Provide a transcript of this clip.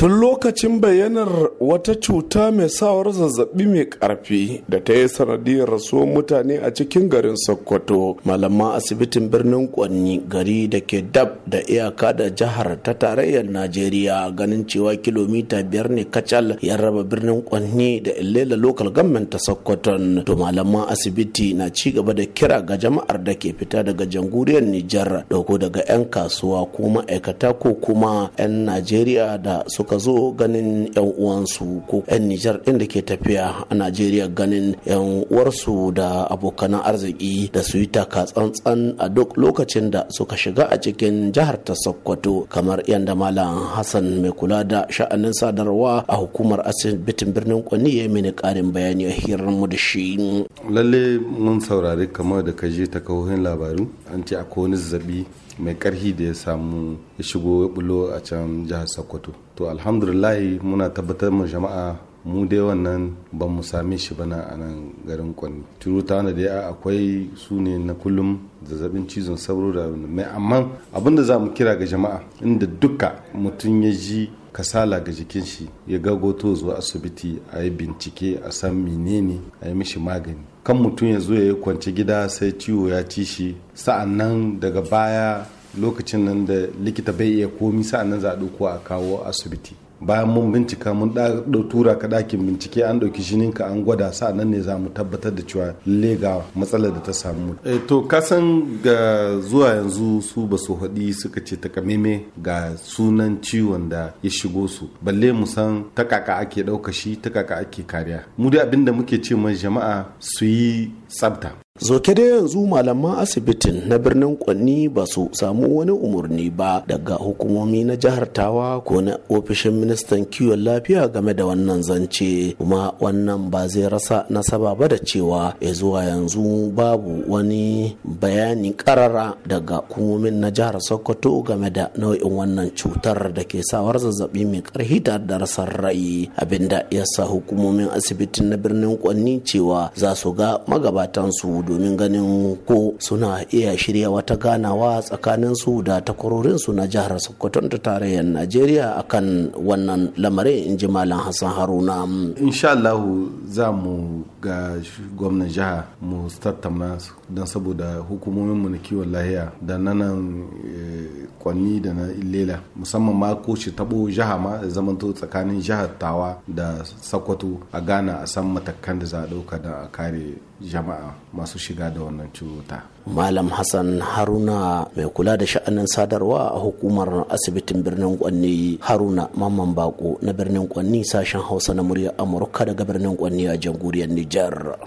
tun lokacin bayyanar wata cuta mai sawar zazzabi mai karfi da ta yi sanadiyar rasuwar mutane a cikin garin sokoto Malamma asibitin birnin kwanni gari da ke dab da iyaka da jihar ta tarayyar najeriya ganin cewa kilomita biyar ne kacal ya raba birnin kwanni da illela local government ta sokoton to malaman asibiti na ci gaba da kira ga jama'ar da ke fita daga jamhuriyar nijar dauko daga 'yan kasuwa ko ma'aikata ko kuma 'yan najeriya da suka suka zo ganin 'yan uwansu ko 'yan Nijar ɗin da ke tafiya a Najeriya ganin 'yan uwarsu da abokan arziki da su yi taka tsantsan a duk lokacin da suka shiga a cikin jihar ta Sokoto kamar yadda Malam Hassan mai kula da sha'anin sadarwa a hukumar asibitin birnin Kwani ya mini karin bayani a hirar mu da shi. Lalle mun saurari kamar da ka je ta kawo labaru an ce akwai wani zazzabi mai karhi da ya samu ya shigo ya bulo a can jihar sokoto to alhamdulillahi muna tabbatar mu jama'a mu dai wannan ba mu same shi bana a nan garin kwanni wanda da akwai su ne na kullum zazzabin cizon sauro da mai amma abinda za mu kira ga jama'a inda duka mutum ya ji kasala ga jikin shi ya gagoto zuwa asibiti a yi bincike a san menene a yi mishi magani kan mutum ya zo ya yi kwanci gida sai ciwo ya ci shi sa'an nan daga baya lokacin nan da likita bai iya komi nan za a ɗauko a kawo asibiti bayan mun bincika mun da tura ka ɗakin bincike an ɗauki jininka an gwada nan ne za mu tabbatar da cewa lalle ga matsalar da ta samu e, to kasan ga zuwa yanzu su ba su haɗi suka ce takameme ga sunan ciwon da ya shigo su balle mu san ta kaka ake ɗauka shi ta ake kariya mu dai abin da muke ce ma jama'a su yi tsabta. zoke da yanzu malaman asibitin na birnin kwanni ba su samu wani umarni ba daga hukumomi na jihar tawa ko na ofishin ministan kiwon lafiya game da wannan zance kuma wannan ba zai rasa nasaba ba da cewa ya zuwa yanzu babu wani bayani karara daga hukumomin na jihar sokoto game da nau'in wannan cutar da ke sawar zazzabi mai karhi da darasar rai abinda ya sa hukumomin asibitin na birnin kwanni cewa za su ga magaba magabatansu domin ganin ko suna iya shirya wata ganawa tsakaninsu da takwarorinsu na jihar Sokoton ta tarayyar Najeriya akan wannan lamarin in ji Malam Hassan Haruna. Insha Allah za mu ga gwamnan jiha mu tattauna su don saboda mu na kiwon lahiya da nanan eh, kwanni da na lela musamman ma ko shi tabo jiha ma da to tsakanin jihar tawa da sakwato a gana a san matakan da za a dauka da a kare jama'a jama'a masu shiga da wannan cuta. Malam Hassan Haruna mai kula da sha'anin sadarwa a hukumar asibitin birnin Kwanni Haruna Mamman Bako na birnin Kwanni sashen Hausa na Murya Amurka daga birnin Kwanni a jamhuriyar Nijar.